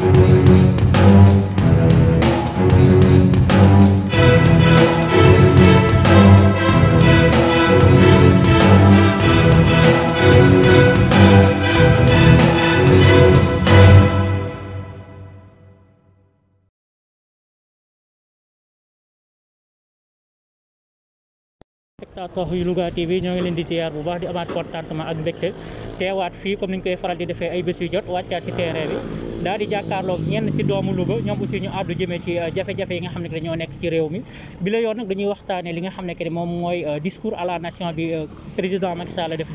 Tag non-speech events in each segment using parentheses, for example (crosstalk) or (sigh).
Thank you. téléspectateurs yu Louga TV ñoo ngi leen di ziar bu baax di amaat contentement ak mbégte teewaat fii comme niñ koy faral di defee ay bés yu jot wàccaat ci terrain bi daal di jàkkaarloog ñenn ci doomu Louga ñoom aussi ñu àddu jëmee ci euh, jafe-jafe yi nga xam ne dañoo nekk ci réew mi bi la yoon nag dañuy waxtaanee li nga xam ne que moom mooy euh, discours à la nation bi euh, président Macky Sall def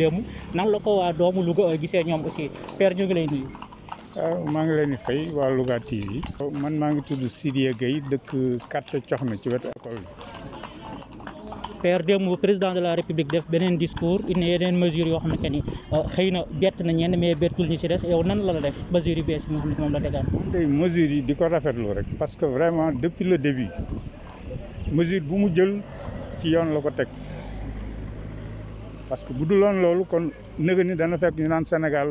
nan la ko doomu aussi père ñu ngi lay nuyu. ngi leen di fay waa Louga TV. man maa ngi tudd Sidya Gueye dëkk quartier Coxna ci wetu école bi. APR démb président de la république def beneen discours indi yeneen mesures yoo xamante ni euh, xëy na bett na ñenn mais bettul ñu si des yow nan la la def mesures yu bees yi nga xam ne moom di ko rafetlu rek parce que vraiment depuis le début mesure bu mu jël ci yoon la ko teg parce que bu duloon loolu kon nëga ni dana fekk ñu naan Sénégal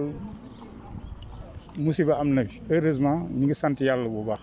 musiba am na fi heureusement ñu ngi sant yàlla bu baax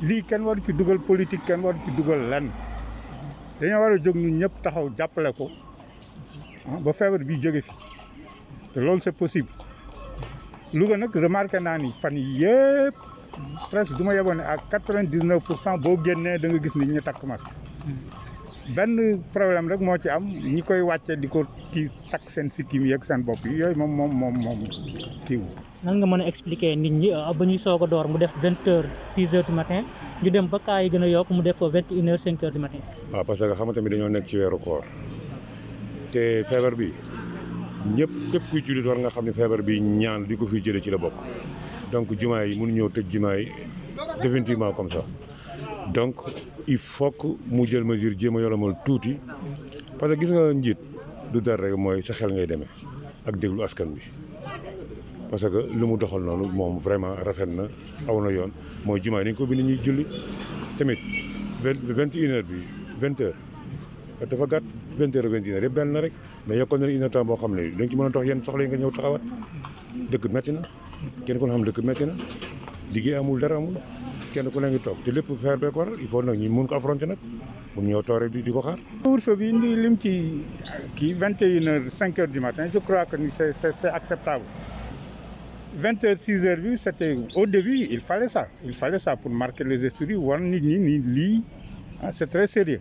lii kenn waru ci dugal politique kenn waru ci dugal lenn dañoo war a jóg ñëpp taxaw jàppale ko ah, ba feebar bi jóge fi te loolu c'est possible Louga nag remarqué naa ni fan yëpp presque du ma yeboon ne à quatre vingt pour cent boo génnee danga gis nit ñi takk masque benn problème rek moo ci am ñi koy wàcce di ko tii takk seen sikkim yeeg seen bopp yi yooyu moom moom moom moom kiiwu nan nga mën a expliquer nit ñi euh, ba ñuy soog a door mu def vingt heures six heures du matin ñu dem ba kaa yi gën a yokk mu def ko vingt une heures cinq heures du matin. waaw parce que xam nga dañoo nekk ci weeru koor te feebar bi ñëpp képp kuy jullit war nga xam ne feebar bi ñaan li ko fi jëlee ci la bokk donc jumaa yi mënu ñëw tëj jumaa yi définitivement comme ça. donc il faut que mu jël mesure jéem a yolomal tuuti parce que gis nga njiit du dara rek mooy sa xel ngay demee ak déglu askan bi parce que lu mu doxal noonu moom vraiment rafet na aw na yoon mooy jumaa yi dañ ko bind ñuy julli tamit vingt heure bi vingt heures dafa gàtt vingt heures benn rek mais yokkoon na une heure temps boo xam ne dañ ci mën a dox yenn soxla yi nga ñëw taxawaat dëkk metti na kenn kon xam dëkk metti na liggéey amul dara amul kenn ku ne ngi toog te lépp feer bee ko il faut nag ñu mun ko affronter nag mun ñoo toog rek di ko xaar. couvre bi ni lim ci kii vingt et une heures cinq heures du matin je crois que ni c'est c'est acceptable vingt heures six heures bi c'était au début il fallait ça il fallait ça pour marquer les esprits wan nit ñi ni lii ah c'est très sérieux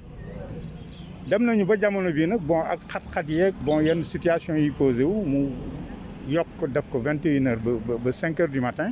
dem nañu ba jamono bii nag bon ak xat-xat yeeg bon yenn situation yi posé wu mu yokk def ko vingt et une heures ba ba cinq heures du matin.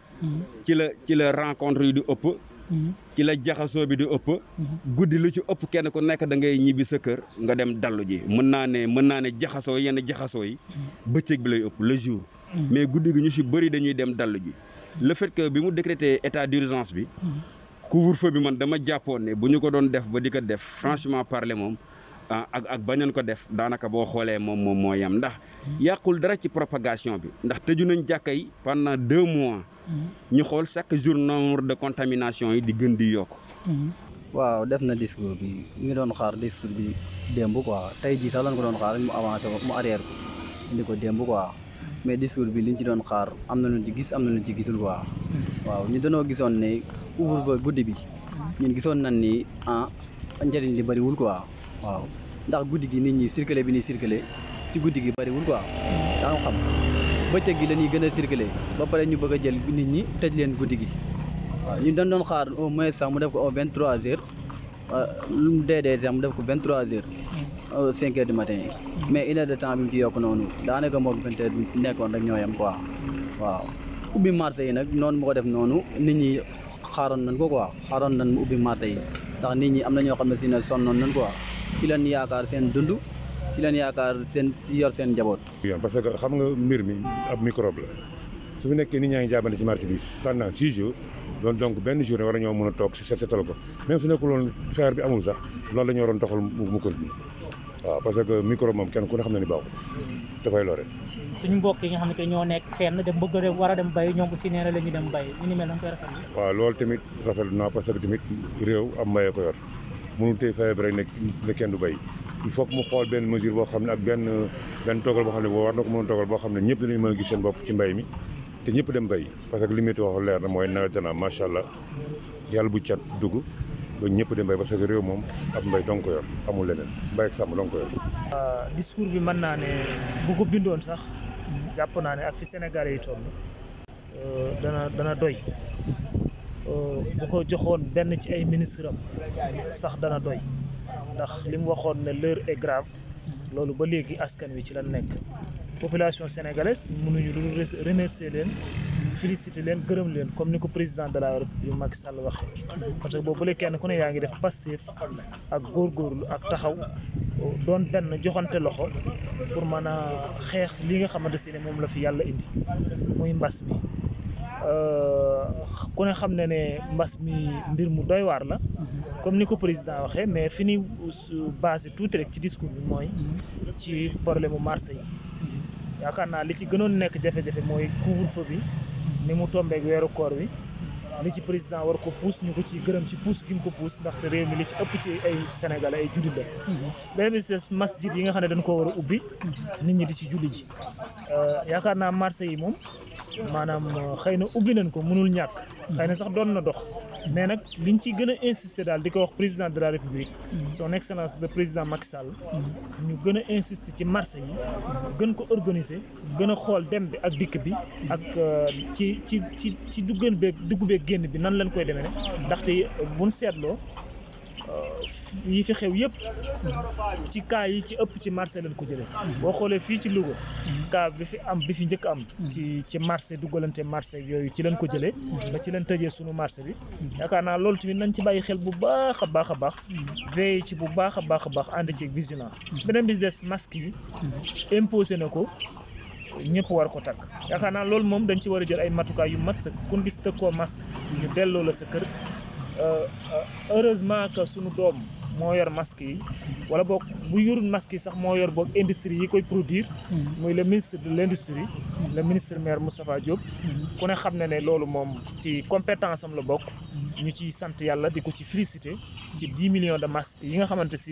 Mm-hmm. ci la ci la rencontre yi du ëpp mm-hmm. ci la jaxasoo bi du ëpp mm-hmm. guddi lu ci ëpp kenn ku nekk da ngay ñibbi sa kër nga dem dallu ji mën naa ne mën naa ne jaxasoo yenn jaxasoo yi bëccëg bi lay ëpp le jour mais guddi gi ñu ci bëri dañuy dem dallu ji le fait bi mu décrété état d'urgence bi couvre-feu bi man dama jàppoon ne bu ñu ko doon def ba di ko def franchement parler moom Ah, ak ak bañoon ko def daanaka boo xoolee moom moom moo yem ndax yàqul dara ci propagation bi ndax tëju nañ jàkka yi pendant deux mois mm-hmm. ñu xool chaque jour nombre de contamination yi di gën di yokk mm-hmm. waaw def na discours bi ñu ngi doon xaar discours bi démb quoi tey jii sax lañ ko doon xaar mu avancé mu arrière ko indi ko démb quoi mais discours bi liñ ci doon xaar am na lu ci gis am na lu ci gisul quoi mm-hmm. waaw ñu danoo gisoon ne ouvre ba guddi bi ñu gisoon nañ ni ah njëriñ li bëriwul quoi ndax guddi gi nit ñi circulé bi ñuy circulé ci guddi gi bariwul ko daa xam bëccëg gi la gën a circulé ba pare ñu bëgg a jël nit ñi tëj leen guddi gi waaw ñu dañ doon xaar au moins sax mu def ko au vingt trois heures euh, lu mu dee dee sax mu def ko vingt trois heures au euh, cinq heures du matin yi mais une heure de temps bi mu ci yokk noonu daanaka moom vingt heures nekkoon rek ñoo yem quoi waaw ubbi marché yi nag noonu mu ko def noonu nit ñi xaaroon nañ ko quoi xaaroon nañ mu ubbi marché yi ndax nit ñi am na ñoo xam ne si ne sonnoon nañ quoi ci leen yaakaar seen dund ci sen yaakaar sen ci yor parce que xam nga mbir mi ab microbe la su fi nekkee nit ñaa ngi ci marché bi pendant six jours donc set ko même su nekkul woon feebar bi amul sax loolu la ñu waroon doxal mu ko bi waaw parce que microbe moom kenn ku ne xam na ni baaxul dafay lore. suñu mbokk yi nga xamante ñoo nekk fenn dem bëgg a war dem bay ñoom aussi nee na la dem bay ñu ni mel koy tamit parce que tamit am maye ko yor mënul tey fexe bi rek ne ne kenn du béy il faut que mu xool benn mesure boo xam ne ak benn benn toggal boo xam ne boo war na ko mën toggal boo xam ne ñëpp dinañ mën a gis seen bopp ci mbéy mi te ñëpp dem bay parce que li météo leer na mooy na dana macha allah yàlla bu cat dugg ba ñëpp dem béy parce que réew moom ab mbay dong ko amul leneen mbéy ak sàmm dong ko euh, discours bi mën naa ne bu ko bindoon sax jàpp naa ne ak fi Sénégal yi toll euh, dana doy. Euh, bu ko joxoon benn ci ay ministre am sax dana doy ndax li mu waxoon ne l'heure est grave loolu ba léegi askan wi ci la nekk population sénégalaise mënuñu lu remercier leen féliciter leen gërëm leen comme ni ko président de la République mag Sall waxee parce que boobu ba kenn ku ne yaa ngi def Pastef ak góorlu ak taxaw doon benn joxante loxo pour mën a xeex li nga xamante si ne moom la fi yàlla indi muy mbas mi Euh, ku ne xam ne ne mbas mi mbir mu doy waar la comme ni ko président waxee mais fi ni basé tuuti rek ci discours bi mooy ci problème mu marché yi yaakaar naa li ci gënoon nekk jafe-jafe mooy couvre-feu bi ni mu tombeek weeru koor wi li ci président war ko puus ñu ko ci gërëm ci puus gi mu ko puus ndaxte réew mi li ci ëpp ci ay Sénégal ay jullit la beneen bi des masjid yi nga xam ne dañ koo war a ubbi nit ñi di ci julli ji euh, yaakaar naa marché yi moom maanaam euh, xëy na ubbi nañ ko mënul ñàkk xëy na sax doon na dox mais nag li ñu ci gën a insister daal di ko wax président de la république son excellence le président Macky Sall ñu gën a insister ci marché yi gën ko organiser gën a xool dem bi ak dikk bi ak euh, ci ci ci ci duggan beeg dugg beeg génn bi nan lañ koy demee ne ndaxte buñ seetloo yi fi xew yëpp ci cas yi ci ëpp ci marché lañ ko jëlee boo xoolee fii ci Louga cas bi fi am bi fi njëkk am ci ci marché dugalante marché yooyu ci lañ ko jëlee ba ci lañ tëjee sunu marché bi yaakaar naa loolu tamit nañ ci bàyyi xel bu baax a baax a baax veillé ci bu baax a baax a baax ànd ci vigilance beneen bis des yi imposé na ko ñëpp war ko takk yaakaar naa loolu moom dañ ci war a jël ay matukaay yu mat sa kun gis tëkkoo masque ñu delloo la sa kër Euh, euh, heureusement que sunu doom moo yor masque yi wala boog bu yorul masque yi sax moo yor boog industrie yi koy produire mm-hmm. muy le ministre de l'industrie mm-hmm. le ministre maire Moustapha Diop mm-hmm. ku ne xam ne ne loolu moom ci compétence am la bokk ñu ciy sant yàlla di ko ci félicité ci 10 millions de masques yi nga xamante si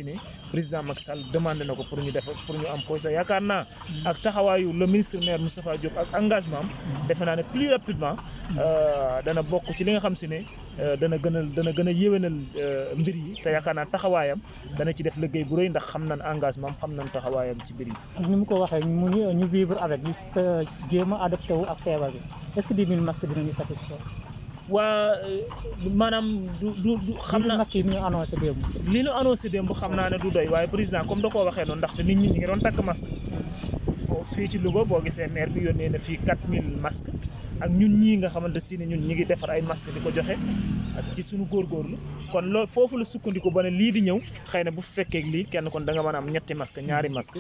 président Macky Sall demandé na ko pour ñu def pour ñu am ko sa yaakaar naa ak taxawaayu le ministre maire Moustapha Diop ak engagement defe naa ne plus rapidement euh, dana bokk ci li nga xam si ne euh, dana gën a dana gën a yéwénal euh, mbir yi te yaakaar naa taxawaayam dana ci def liggéey bu rëy ndax xam nañ engagement am xam nañ taxawaayam ci mbir yi. ni mu ko waxee ñu vivre avec ñu a bi est-ce que 10 000 waa euh, maanaam du du du xam na lii ñu annoncé démb lii ñu annoncé démb xam naa ne du doy waaye président comme da ko waxee noonu ndaxte nit ñi ñu ngi doon takk masque fii ci Louga boo gisee maire bi yónnee na fii 4000 masques ak ñun ñii nga xamante si ne ñun ñi ngi defar ay masques di ko joxe ak ci suñu góor góorgóorlu kon loolu foofu la sukkandiku ba ne lii di ñëw xëy na bu fekkee lii kenn kon da nga a am ñetti masque ñaari masque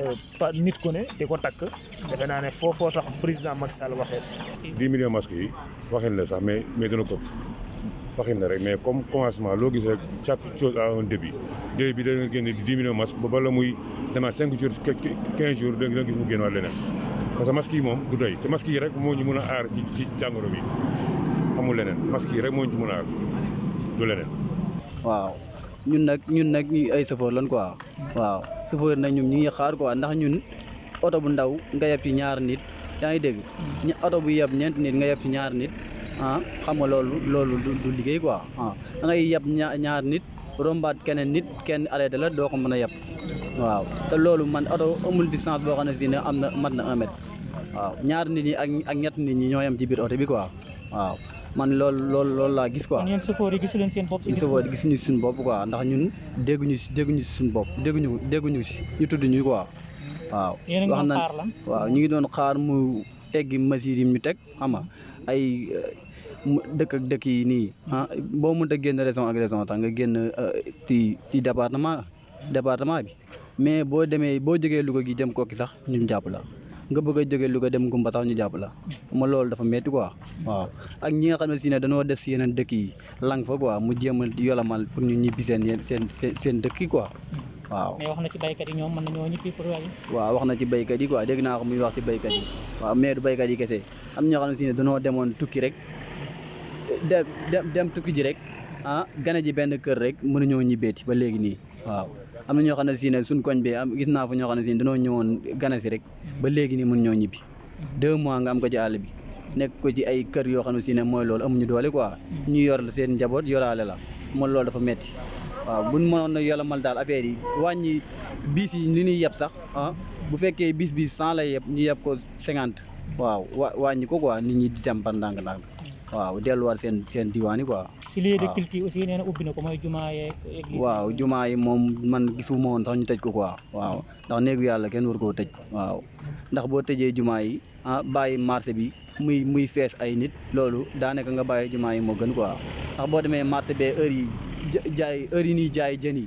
euh, pa nit ku ne di ko takk defe naa ne foofoo tax président Macky Sall waxee. 10 millions masques yi waxin la sax mais mais dana ko. faxin na rek mais comme commencement loo gis rek chaque chose a un début début bi da nga génne di diminuer masque ba bala muy demaat cinq jours quinze gis mu génn waat leneen parce que moom du doy te masque yi moo ñu mën a aar ci ci jàngoro bi amul leneen masque yi rek moo ñu ci mën a aar du leneen. waaw ñun nag ñun nag ñu ay chauffeur lan quoi waaw chauffeur nag ñun ñu ngi xaar quoi ndax ñun oto bu ndaw nga yeb ci ñaar nit yaa ngi dégg. Mm. oto bu yeb ñeent nit nga yeb ci ñaar nit. ah xam nga loolu loolu du liggéey ko a ah. da ngay yab ñaar nit rombaat keneen nit kenn arrêté la doo ko mën a yab waaw te loolu man oto amul distance boo xam ne si ne am na mat na un mètre waaw ñaar nit ñi a ak ñett nit ñi ñoo yam ci biir oto bi quoi waaw man loolu loolu loolu laa gis quoi. ñun chauffeur yi gisuleen seen bopp. gisuñu suñu bopp quoi ñu ñun dégguñu si dégguñu si suñu bopp dégguñu dégguñu si ñu tudd ñu quoi. waaw wax na ñu ngi doon xaar mu teggi mesures yi ñu teg xam dëkk ak dëkk yi nii ah boo mënta génn région ak région sax nga génn euh, ci ci département département bi mais boo demee boo jógee Louga gi dem Koki sax ñu jàpp la nga bëgg a jógee Louga dem Ngumba sax ñu jàpp la ma loolu dafa métti quoi waaw ak ñi nga xam ne si ne dañoo des yeneen dëkk yi lang fa quoi mu jéem a yolamal pour ñu ñibbi seen seen seen seen dëkk yi quoi. waaw mais wax na ci béykat waaw wax na ci béykat yi quoi dégg naa ko muy wax ci béykat yi waaw mais du béykat yi kese am na ñoo xam si ne dañoo demoon tukki rek dem dem tukki ji rek ah gana ji benn kër rek mënuñoo ñibbeeti ba léegi nii waaw am na ñoo xam ne si ne koñ bi am gis naa fa ñoo xam ne si danoo dañoo ñëwoon gane si rek ba léegi nii mënuñoo ñibbi deux mois nga am ko ci àll bi nekk ko ci ay kër yoo xam ne si ne mooy loolu amuñu doole quoi ñu yor la seen njaboot yoraale la man loolu dafa metti waaw mun mënoon a yolamal daal affaire yi wàññi biis yi ni ñuy yeb sax ah bu fekkee bis bi cent la yeb ñu yeb ko cinquante waaw wa wàññi ko quoi nit ñi di dem par ndànk-ndànk waaw delluwaat seen seen diwaan yi quoi. ci lieu ko mooy jumaa yeeg waaw jumaa yi moom man gisuma woon sax ñu tëj ko quoi waaw ndax néegu yàlla kenn war koo tëj waaw ndax boo tëjee jumaa yi ah bàyyi marché bi muy muy fees ay nit loolu daanaka nga bàyyi jumaa yi moo gën quoi ndax boo demee marché bee heure yi jaay heure yi nii jaay jën yi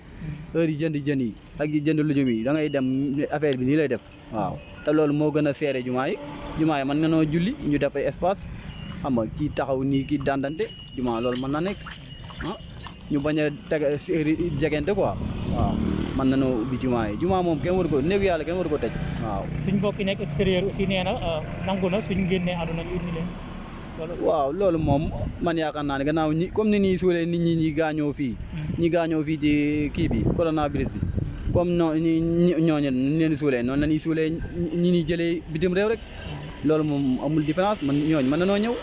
heure yi jënd jën yi ak yi jënd lujum yi da ngay dem affaire bi nii lay def waaw te loolu moo gën a seere jumaa yi jumaa yi mën nga julli ñu def espace xam nga kii taxaw nii kii dandante dima loolu mën na nekk ah ñu bañ a teg jegente quoi waaw mën nañu ubbi jumaa yi jumaa moom kenn war ko néegu yàlla kenn war ko tëj waaw suñ mbokk yi extérieur aussi nee na suñ génnee àdduna ñu indi leen waaw loolu moom man yaakaar naa ne gannaaw ñi comme ni nii suulee nit ñi ñi gaañoo fii ñi gaañoo fii ci kii bi coronavirus bi comme noo ñooñu ñu leen suulee noonu la ñuy suulee ñi ñuy jëlee bitim réew rek loolu moom amul différence man ñooñ mën noo ñëw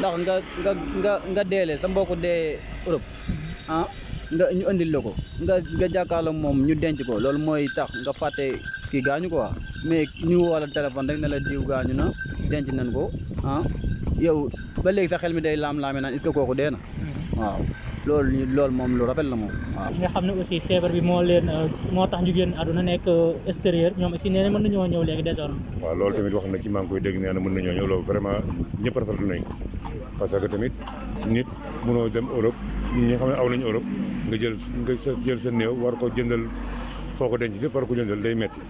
ndax nga nga nga nga deele sa mbokku dee Europe ah nga ñu indil la ko nga nga jàkkaarloo moom ñu denc ko loolu mooy tax nga fàtte kii gaañu quoi mais ñu wala téléphone rek na la diw gaañu na denc nañ ko ah yow ba léegi sa xel mi day laam-laame naan est-ce kooku dee na waaw loolu lool moom lu rafet la moom waaw. nga xam ne aussi feebar bi moo leen euh, moo tax ñu àdduna nekk euh, extérieur ñoom aussi nee na mën nañoo ñëw léegi désormais. waaw loolu tamit wax na ci maa koy dégg nee na mën nañoo ñëw vraiment ñëpp rafetlu nañ ko parce que tamit nit mënoo dem Europe ñi nga xam ne aw nañu Europe nga jël nga jël sa néew war ko jëndal foo ko denc lépp war ko jëndal day metti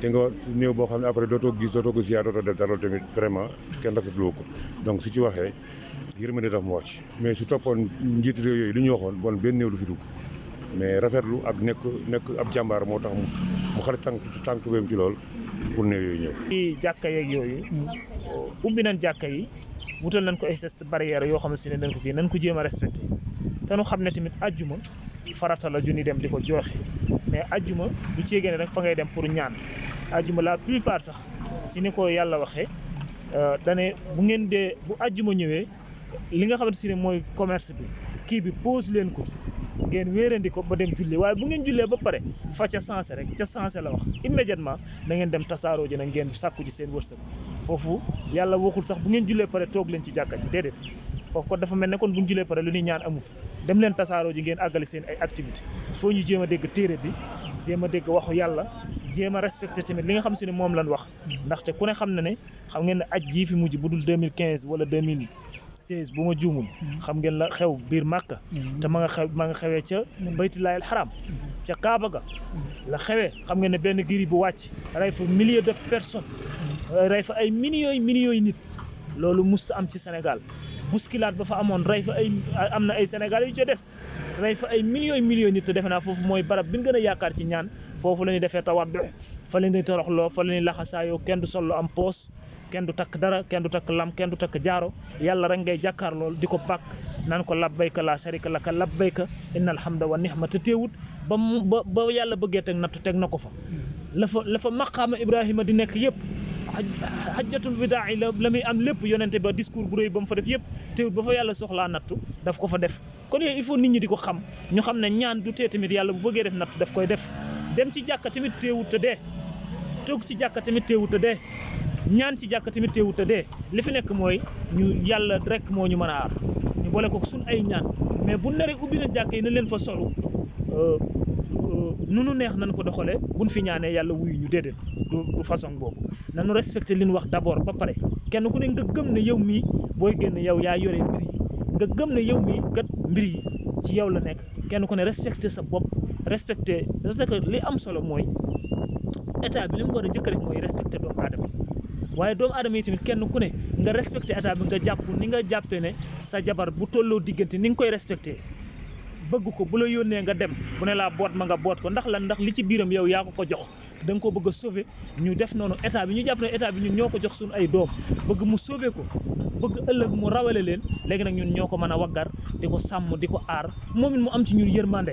te nga néew boo xam ne après dootoo gis dootoo ko ziar dootoo def dara loolu tamit vraiment kenn rafet rafetlu ko donc su ci waxee. yërmande tam mu wàcc mais su toppoon njiitu yooyu lu ñu waxoon bon benn néew du fi dugg mais rafetlu ak nekk nekk ab jàmbaar moo tax mu xale tànk tànk tubéem ci lool pour néew yooyu ñëw. ci jàkka yeeg yooyu ubbi nañ jàkka yi wutal nañ ko ay gestes yoo xam ne si ne nañ ko kii nañ ko jéem a respecté te nu xam ne tamit àjjuma farata la junni dem di ko jooxe mais àjjuma du ceegee ne rek fa ngay dem pour ñaan àjjuma la plupart sax ci ni ko yàlla waxee euh, dane bu ngeen dee bu àjjuma ñëwee. li nga xamante si ne mooy commerce bi kii bi pose leen ko ngeen wéerandi ko ba dem julli waaye bu ngeen jullee ba pare fa ca sensé rek ca sensé la wax immédiatement na ngeen dem tasaaroo ji na ngeen sàkku ji seen wërsëg foofu yàlla waxul sax bu ngeen jullee pare toog leen ci jàkka ji déedéet foofu ko dafa mel ne kon bu ñu jullee pare lu ñuy ñaan amu fi dem leen tasaaroo ji ngeen àggale seen ay activité foo ñu jéem a dégg téere bi jéem a dégg waxu yàlla jéem a respecté tamit li nga xam si ne moom lañ wax ndaxte ku ne xam na ne xam ngeen ne aj yii fi mujj bu dul 2015 wala 2000 seize bu ma juumul mm-hmm. xam ngeen la xew biir màkka mm-hmm. te ma nga xew ma nga xewee ca mm-hmm. baytullaahil xaram ca kaaba ga la xewee xam ngeen ne benn giri bu wàcc rey fa milliers de personnes rey fa ay millions millions nit loolu mus am ci Sénégal bousculade ba fa amoon rey fa ay am na ay senegal yu ca des rey fa ay millions millions nit te defe naa foofu mooy barab bi ñu gën a yaakaar ci ñaan foofu la ñuy defee tawaddu fa la ñuy toroxloo fa la ñuy laxasaayoo kenn du sol lu am poos kenn du takk dara kenn du takk lam kenn du takk jaaro yàlla rek ngay jàkkaar lool di ko bàkk naan ko labbayka laa sharika laka labbayka innal hamda wa nihmata teewut ba mu ba ba yàlla bëggee teg nattu teg na ko fa la fa la fa maqaama Ibrahima di nekk yëpp xajjatul bidaa la la muy am lépp yonente ba discours bu rëy ba mu fa def yëpp teewut ba fa yàlla soxlaa nattu daf ko fa def kon yooyu il faut nit ñi di ko xam ñu xam ne ñaan du tee tamit yàlla bu bëggee def nattu daf koy def dem ci jàkka tamit téewut a dee toog ci jàkka tamit téewut a dee ñaan ci jàkka tamit téewut a dee li fi nekk mooy ñu yàlla rek moo ñu mën a aar ñu boole ko suñ ay ñaan mais bu naree ubbi na jàkka yi na leen fa soxlu euh, euh, nu nu neex nañ ko bu nu fi ñaanee yàlla wuyu ñu déedéet du façon boobu nañu respecté li ñu wax d'abord ba pare kenn ku ne nga gëm ne yow mii booy génn yow yaa yore mbir yi nga gëm ne yow mii kat mbir yi ci yow la nekk kenn ku ne respecté sa bopp respecté parce que li am solo mooy état bi li mu war a jëkk def mooy respecté doomu aadama waaye doomu aadama yi tamit kenn ku ne nga respecté état bi nga jàpp ni nga jàppee ne sa jabar bu tolloo diggante ni nga koy respecté bëgg ko bu la yónnee nga dem bu ne laa boot ma nga boot ko ndax lan ndax li ci biiram yow yaa ko ko jox danga nga ko bëgg a ñu def noonu état bi ñu jàpp ne état bi ñun ñoo ko jox suñu ay doom bëgg mu sauver ko bëgg ëllëg mu rawale leen léegi nag ñun ñoo ko mën a waggar di ko sàmm di ko aar moom mu am ci ñun yërmande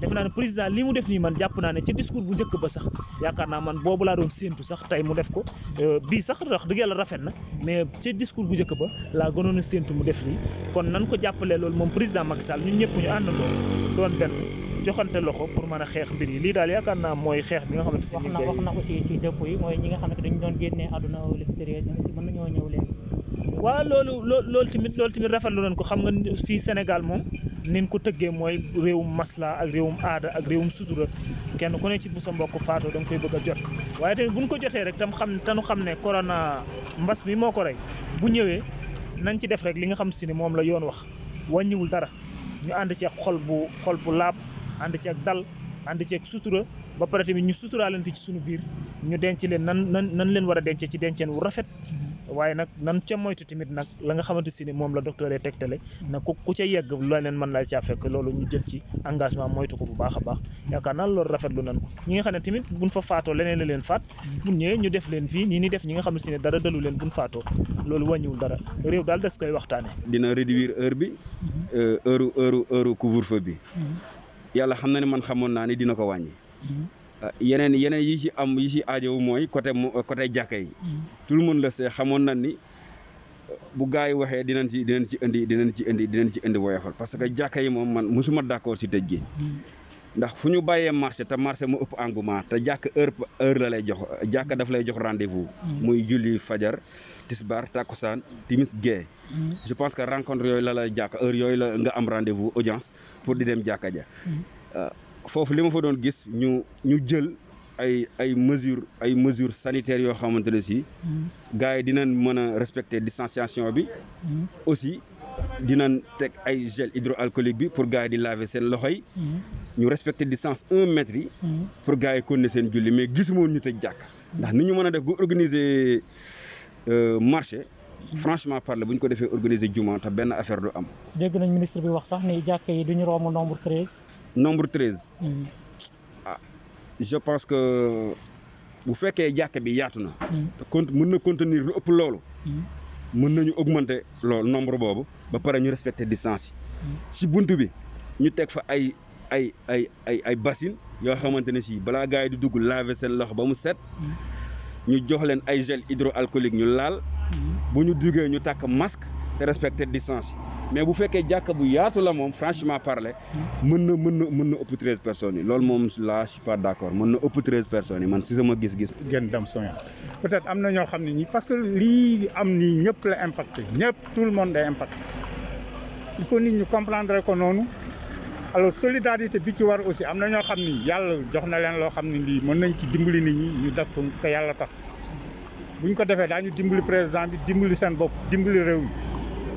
defe naa ne président li mu def nii man jàpp naa ne ci discours bu njëkk ba sax yaakaar naa man boobu laa doon séentu sax tey mu def ko euh, bii sax wax dëgg yàlla rafet na mais ci discours bu njëkk ba laa gënoon a séentu mu def lii kon nan ko jàppalee loolu moom président Macky Sall ñun ñëpp ñu àndandoo doon benn joxante loxo pour mën a xeex mbir yi lii daal yaakaar naa mooy xeex bi nga xamante si ñu wax na aussi si dëpp yi mooy ñi nga xam ne dañu doon génnee àdduna au l'extérieur ñoom si loo loolu tamit loolu tamit rafetlu nañ ko xam nga fii Sénégal moom nin ko tëggee mooy réewum masla ak réewum aada ak réewum sutura kenn ku ne ci bu sa mbokk faatoo da koy bëgg a jot waaye tamit buñ ko jotee rek tam xam tanu xam ne corona mbas bi moo ko rey bu ñëwee nañ ci def rek li nga xam si ni moom la yoon wax wàññiwul dara ñu ànd ci xol bu xol bu laab and ci ak dal and ci ak sutura ba paré tamit ñu suturalante ci suñu biir ñu denc leen nan nan leen wara denc ci dencen wu rafet waye nak nan ca moytu timit nak la nga xamanteni si ni la docteur ay tektale na ku ku ca yegg la leen man la ci fekk lolu ñu jël ci engagement moytu ko bu baax yaaka nan lolu rafet lu nan ko ñi nga xam ne buñ fa faato leneen la leen faat buñ ñe ñu def leen fi ñi ni def ñi nga xamanteni dara dalu leen buñ faato lolu dara koy waxtane dina réduire heure bi mm-hmm. euh, heure heure heure couvre feu bi mm-hmm. yàlla xam na ne man xamoon naa ni dina ko wàññi mm-hmm. yeneen yeneen yi ci am yi ci aajowu mooy côté côté jàkka yi mm-hmm. tout le monde le sait xamoon na ni bu gars yi waxee dina ci dinañ ci indi dinañ ci indi dinañ ci indi woyofal parce que mm-hmm. jàkka yi moom man mosuma d'accord ci tëj gi ndax fuñu bayé marché te marché mo upp engouement te jakk heure heure la lay jox jakk daf lay jox rendez-vous. Mm. muy julli fajar tisbaar takusan timis gee. Mm. je pense que rencontre yoy la lay jakk heure yoy la nga am rendez-vous audience pour di dem jakka ja. Mm. Euh, fofu limu fa doon gis ñu ñu jël. ay ay mesures ay mesures sanitaires yo xamante ne si. gars dinañ mëna respecter distanciation bi. aussi dinañ tek ay gel hydroalcoolique bi pour gars yi di laver sen loxoy mhm. ñu respecter distance 1 mètre yi. Mhm. pour gars yi continuer seen julli mais gisuma ñu tek jàkk. ndax ni ñu mën def bu organiser euh marché. Mhm. franchement parler buñ ko défé organiser djuma ta ben affaire du am. dégg nañ ministre bi wax sax né jàkk yi duñu ñu romb nombre 13 nombre 13 ah je pense que bu fekkee jàkk bi yatuna na. te mën na contenir lu ëpp lolu mën nañu augmenter lool nombre boobu ba pare ñu respecter distance yi ci bunt bi ñu teg fa ay ay ay ay ay bassines yoo xamante ne si balaa gars yi di dugg laver seen loxo ba mu set ñu jox leen ay gel hydroalcoolique ñu laal mm-hmm. bu ñu duggee ñu tàkk masque te respecté distance mais bu fekké jakk bu yaatu la mom franchement parler mën na mën na mën na upp 13 personnes yi mom là je suis pas d'accord mën na upp 13 personnes man si sama gis-gis. gën dem soña peut être amna ño xamni ni parce que li am ni ñepp la impacté ñepp tout le monde est impacté il faut nit ñu comprendre ko nonu alors solidarité bi ci war aussi amna ño xamni yalla jox na len lo xamni li mën nañ ci dimbali nit ñi ñu daf ko te yalla tax buñ ko defee dañu dimbali président bi dimbali sen bop dimbali réew mi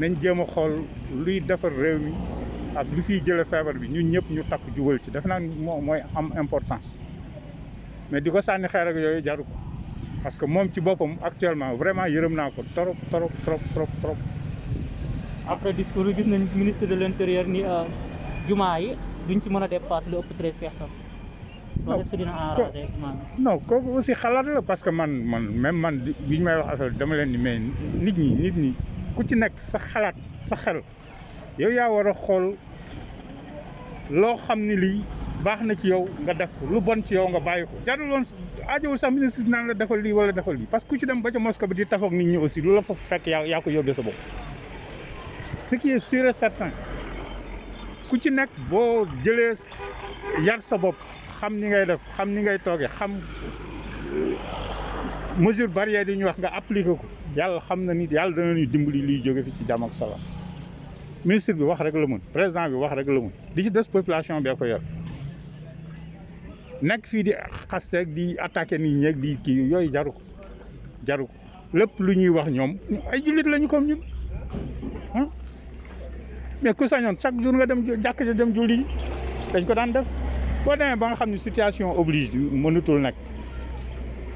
nañ jéem a xool luy defar réew mi ak lu fiy jële feebar bi ñu ñëpp ñu takk jubal ci def naa moo mooy am importance mais di ko sànni xeer ak yooyu jaru ko parce que moom ci boppam actuellement vraiment yërëm naa ko trop trop trop trop trop après discours bi gis nañ ministre de l' intérieur ni euh, jumaa yi duñ ci mën a dépasse lu ëpp treize personnes non non kooku aussi xalaat parce que man man même man bi ñu may wax affaire dama leen ni mais nit ñi nit ñi ku ci nekk sa xalaat sa xel yow yaa war a xool loo xam ni lii baax na ci yow nga def ko lu bon ci yow nga bàyyi ko jarul woon aajowul sax ministre bi naan la defal lii walla defal lii parce que ku ci dem ba ca mosquée bi di tafoog nit ñi aussi lu la fa fekk yaa yaa ko yóbbee sa bopp ce qui est ku ci nekk boo jëlee yar sa bopp xam ni ngay def xam ni ngay toogee xam mesure barrière yi ñu wax nga appliqué ko yàlla xam na ni yàlla dana ñu dimbali luy jóge fi ci jàmm ak salaam ministre bi wax rek la mën président bi wax rek la mën li ci des population bee ko yor nekk fii di xasteeg di attaqué nit ñeeg di kii yooyu jaru ko jaru ko lépp lu ñuy wax ñoom ay jullit lañu comme ñun ah mais ku sañoon chaque jour nga dem jàkk ja dem julli dañ ko daan def boo demee ba nga xam ne situation oblige mënatul nekk.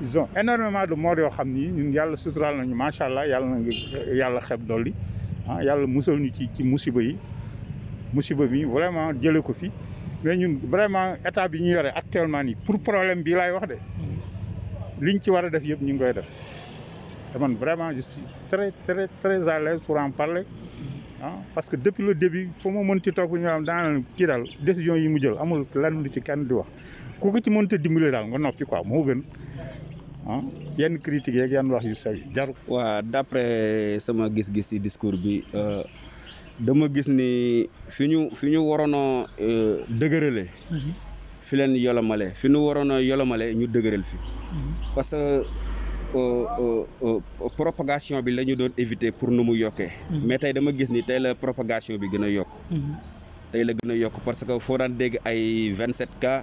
ils ont énormément de morts yo xamni ñun yalla suturaal nañu macha allah yàlla nga yalla xeb doli ah yalla mussel ñu ci ci musiba yi musiba bi vraiment jëlee ko fi mais ñun vraiment état bi ñu yoré actuellement ni pour problème bi lay wax dé liñ ci wara def yëp ñu ngi koy def te man vraiment je suis très très très à l'aise pour en parler hein parce que depuis le début fu ma mënti toog ñu am daanaka kii daal décision yi mu jël amul lan lu ci kenn di wax ku ko ci mënta dimbali dal nga noppi quoi mo gën. ah yenn critique yeeg yenn wax yu sew jaru waa d'après sama gis-gis ci discours bi euh, dama gis ni fi ñu fi ñu waroon a euh, dëgërale mhm. fi leen yolomale fi ñu waroon a yolomale ñu dëgëral fi mhm. parce que euh, propagation bi la ñu doon éviter pour nu mu yokkee mhm. mais tey dama gis ni tey la propagation bi gën a yokk tey la gën a yokk parce que foo daan dégg ay vingt-sept cas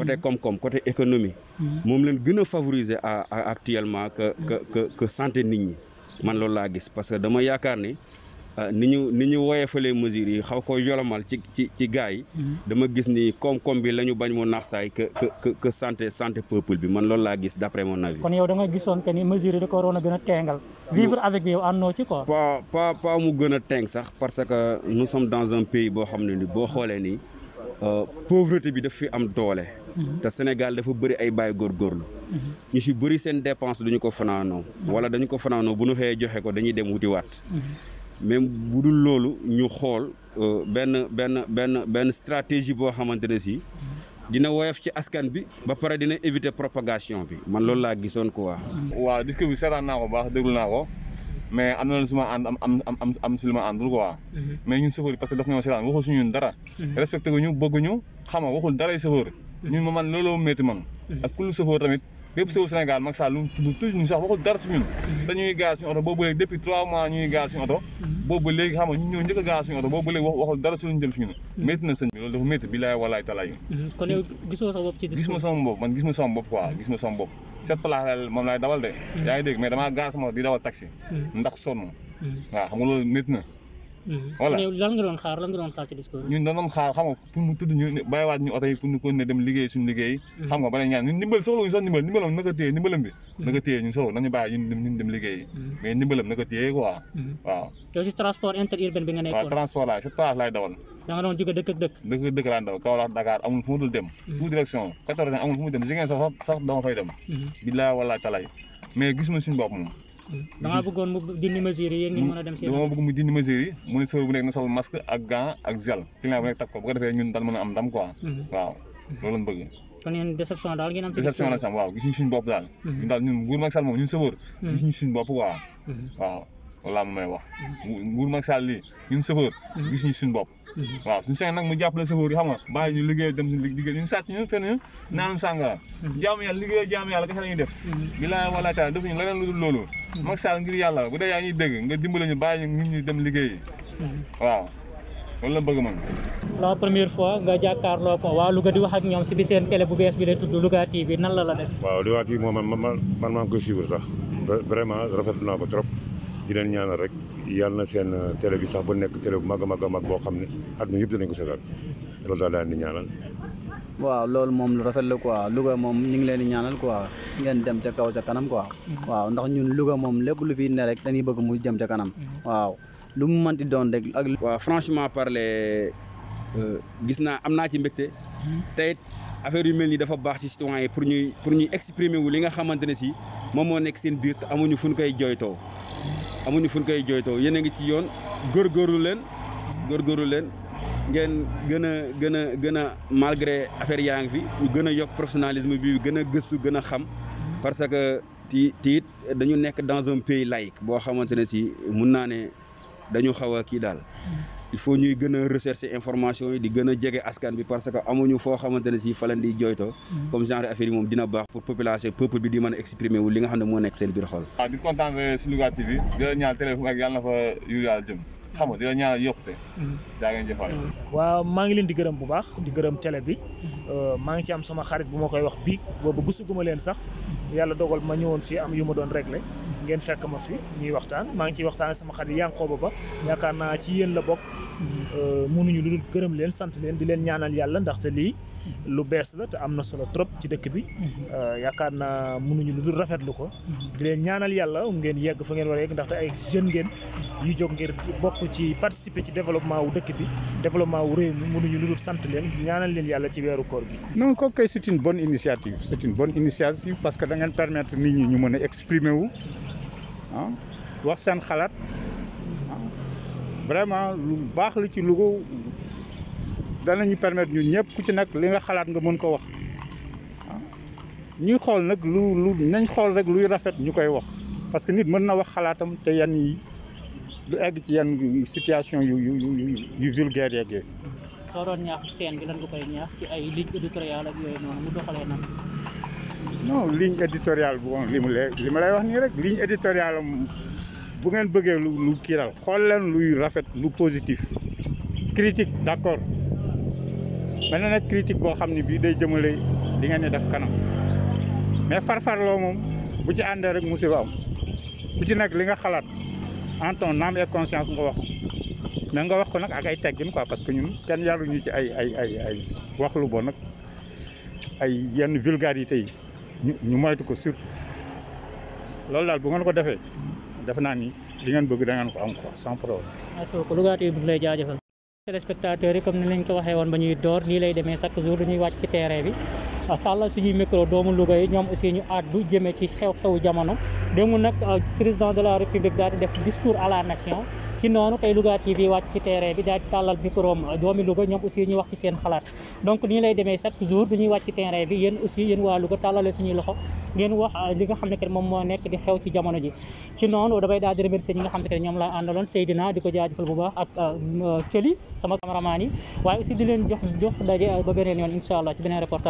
côté mm-hmm. koom-koom côté économie. Mm-hmm. moom leen gën a favoriser à actuellement que mm-hmm. que que que santé nit ñi man loolu laa gis parce que dama yaakaar ni. Euh, niñu ñu ni ñu woyefalee mesures yi xaw ko yolomal ci ci gaay dama gis ni koom-koom bi lañu bañ mo naax saay que que que santé santé peuple bi man loolu la gis d'après mon avis. kon yow da nga gisoon que ni mesures de corona ko téngal vivre avec yow anno ci quoi. pas pas pas mu gëna téng sax parce que nous sommes dans un pays bo xamné ni bo xolé ni Euh, pauvreté bi daf fi am toole mhm. te Sénégal dafa bëri ay bàyyi góorgóorlu. Mhm. ñu si bëri seen dépense ñu ko fanaanoo. Mhm. wala dañu ko fanaanoo bu ñu xëyee joxe ko dañuy dem wutiwaat. mais bu dul loolu ñu xool euh, benn benn benn benn stratégie boo xamante ne si. dina woyof ci askan bi. ba pare dina éviter propagation bi. man loolu laa gisoon quoi. waaw discours bi seetaan naa ko baax déglu naa ko. mais am na lu si ma am am am am si lu ma àndul quoi. Mhm. mais ñun chauffeur yi parce que daf ñoo seetaan waxul si ñun dara. Mhm. respecté ko ñu bëgg ñu xama waxul daray chauffeur. Mhm. ñun ma man looloo métti man. ak kullu chauffeur tamit. bépp sewu Sénégal Macky Sall lu mu tudd sax waxul dara si ñun dañuy gaar suñu oto boobu léegi depuis trois mois ñuy gaar suñu oto boobu léegi xam nga ñu ñëw njëkk a gaar suñu oto boobu léegi waxul dara si ñu jëm si ñun métti na sëñ bi loolu dafa métti bilaay walaay talaay kon yow gisoo sa bopp ci gis ma sama bopp man gis ma sama bopp quoi gis ma sama bopp cette place la moom laay dawal de yaa ngi dégg mais damaa gaar sama oto di dawal taxi hmm. ndax sonn hmm. waaw na Mhm. voilà lan nga doon xaar lan nga doon xaar ci discours ñun da doon xaar xam nga pour mu tudd ñu bàyyiwaat ñu oto yi pour ñu continuer dem liggéey suñu liggéey mhm. xam nga ba ñaan ñun ndimbal soxla ñu sax ndimbal ndimbalam naka téye ndimbalam mhm. téye ñun soxla nañu bàyyi ñun ñun dem liggéey mais ndimbalam naka téye quoi waaw yow si transport interurbain bi nga nekkoon waaw transport laay si transport laay dawal da nga doon dëkk dëkk dëkk laa daw Kaolack Dakar amul fu talay mais gis ma suñu bopp moom damaa bëggoon mu dindi mesures yi yéen ngeen mën a dem seen dama bëgg mu dindi mesures bu nekk na sol masque ak gant ak gel client bu nekk takk ko bu defee ñun daal mën a am ndam quoi mhm. waaw loolu lañ bëgg kon yéen déception daal ngeen am déception la sam waaw gisuñu suñu bopp daal mhm. ñun daal ñun nguur Macky moom ñun sofër mhm. gisuñu suñu bopp quoi waaw loolu laa may wax nguur Macky Sall lii ñun sofër gisuñu suñu bopp (laughs) waaw suñu sañ nak mu jàppale sa yi xam nga bàyyi ñu liggéey dem liggéey ñu sat ñu fen naan sanga (laughs) jamm yalla liggéey jamm yalla kessa la def (laughs) bilaay wala taala defuñu leneen lu dul loolu Macky Sall ngir yalla bu dee ya ñi dégg nga dimbale ñu bàyyi ñu ñi dem liggéey waaw loolu la bëgg man la première fois nga lo ko lu ga di wax ak ñom ci bi seen télé bu bees bi lay tuddu lu ga TV nan la la def waaw Louga TV moom man man maa ngi koy suivre sax vraiment rafetlu naa ko trop di leen ñaanal rek yàlla na seen euh, télé sax bu nekk télé bu mag a mag a mag boo xam ne àdduna yëpp dinañ ko seetaan loolu daal daal di ñaanal. waaw loolu moom lu rafet la quoi Louga moom ñu ngi leen di ñaanal quoi ngeen dem ca kaw ca kanam quoi. waaw ndax ñun Louga moom lépp lu fi ne rek dañuy bëgg mu jëm ca kanam. waaw lu mu mënti doon rek ak. waaw franchement parler euh, gis naa am naa ci mbégte tey affaire yu mel nii dafa baax ci citoyen yi pour ñuy pour ñuy exprimer wu li nga xamante ne si moom moo nekk seen biir te amuñu fu koy jooytoo. amuñu fuñ koy jooytoo yéen a ngi ci yoon góorgóorlu leen góorgóorlu leen ngeen gën a gën a gën a malgré affaire yaa ngi fi ñu gën a yokk professionnalisme bi gën a gëstu gën a xam parce que ti tiit dañu nekk dans un pays laïque boo xamante ne si mun naa ne dañu xaw a kii daal il faut ñuy gën a information yi di gën a jege askan bi parce que amuñu foo xamante ne si fa leen di jooytoo mm-hmm. comme genre affaire yi moom dina baax pour population peuple bi di mën a exprimer li nga xam ne moo nekk seen biir xol waaw di kontaan si Louga TV di la ñaan téléphone ak yàlla na fa yu yàlla jëm xam nga di la yokkute daa mm-hmm. ngeen jëfaat waaw maa ngi leen di gërëm bu baax di gërëm télé bi mm-hmm. euh, maa ngi ci am sama xarit bu ma koy wax bii boobu guma leen sax yàlla dogal ma ñëwoon fii am yu ma doon réglé ngeen fekk ma fi ñuy waxtaan maa ngi ciy waxtaan sama xarit Yankooba Ba yaakaar naa ci yéen la bokk euh, mënuñu lu dul gërëm leen sant leen di leen ñaanal yàlla ndaxte lii lu bees la te am na solo trop ci dëkk bi euh, yaakaar naa mënuñu lu dul lu ko di leen ñaanal yàlla ngeen yegg fa ngeen war a yegg ndaxte ay jeune ngeen yu jóg ngir bokk ci participer ci développement wu dëkk bi développement wu réew mi mënuñu lu dul sant leen ñaanal leen yàlla ci weeru koor bi non kooku kay c'est une bonne initiative parce que da ngeen permettre nit ñi ñu mën a exprimer wu ah wax seen xalaat ah, vraiment lu baax la ci Louga danañu permettre ñun ñëpp ku ci nekk li nga xalaat nga mën ko wax ah. ñuy xool nag lu lu nañ xool rek luy rafet ñu koy wax parce que nit mën na wax xalaatam te yan yi lu egg ci yan situation yu yu yu yu vulgaire yeeg yooyu. soo doon ñaax seen bi lan nga koy ñaax ci ay ligne éditoriale ak yooyu noonu mu doxalee nan. non ligne éditoriale bu bon li mu lay li ma lay wax ni rek ligne éditoriale bu ngeen bëggee lu lu kiiral xool leen luy rafet lu positif critique d' accord mel na nag critique boo xam ne bii day jëmale li nga ne def kanam mais farfarloo moom bu ci àndee rek musiba am bu ci nag li nga xalaat en ton âme et conscience nga wax mais nga wax ko nag ak ay teggin quoi parce que ñun kenn yaruñu ci ay ay ay ay wax lu bon nag ay yenn vulgarité yi. ñu ñu moytu ko surtout loolu daal bu ngeen ko defee def naa ni li ngeen bëgg da ngeen ko am quoi sans problème. waaw ko Louga TV bi lay jaajëfal. téléspectateurs yi comme ni lañ ko waxee woon ba ñuy door nii lay demee chaque jour ñuy wàcc ci terrain bi ah, tàllal suñuy micro doomu Louga yi ñoom aussi ñu àddu jëmee ci xew-xewu jamono démb nag euh, président de la république daal di def discours à la nation. ci noonu tey Louga TV wàcc si terrain bi daal di tàllal micro doomi Louga ñoom aussi ñu wax ci seen xalaat donc nii lay demee chaque jour du ñuy wàcc ci terrain bi yéen aussi yéen waa Louga tàllale suñuy loxo ngeen wax euh, li nga xam ne kat moom moo nekk di xew ci jamono ji ci noonu damay daal di remercier ñoom laa àndaloon Seydina di ko jaajëfal bu baax ak euh, Thioly sama cameraman yi waaye aussi di leen jox jox daje ba beneen yoon incha allah ci beneen reportage